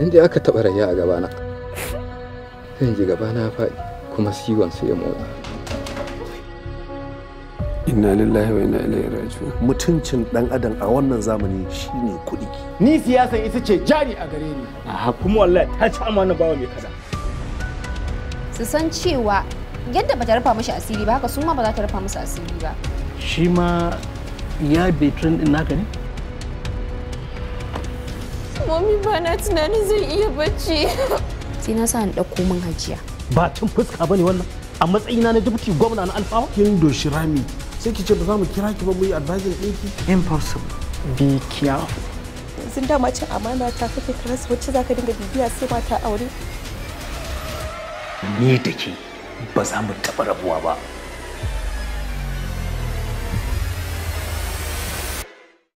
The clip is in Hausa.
inda aka taɓa rayuwa a gabana sai ji gabana faɗi kuma siwon sai ya motsa inna lillahi wa inna ilaihi raji'un mutuncin dan adam a wannan zamani shine kuɗi ni siyasan ita ce jari a gare ni a kuma wallahi ta ci amma na bawa mai kaza su san cewa yadda bata rufa mishi asiri ba haka su ma ba za ta rufa musu asiri ba shi ma ya betrin din naka ne Mami ba na tunanin zai iya bacci. Sai na sa ni ɗauko min hajiya. Ba cin fuska bane wannan. A matsayina na dubti gwamna na alfawa. Kin doshi rami. Sai ki ce ba za mu kira ki ba mu yi advising ɗinki. Impossible. Be careful. sun dama cin amana ta kake karas wacce za ka dinga bibiya sai mata aure. Ni da ke ba za mu taɓa rabuwa ba.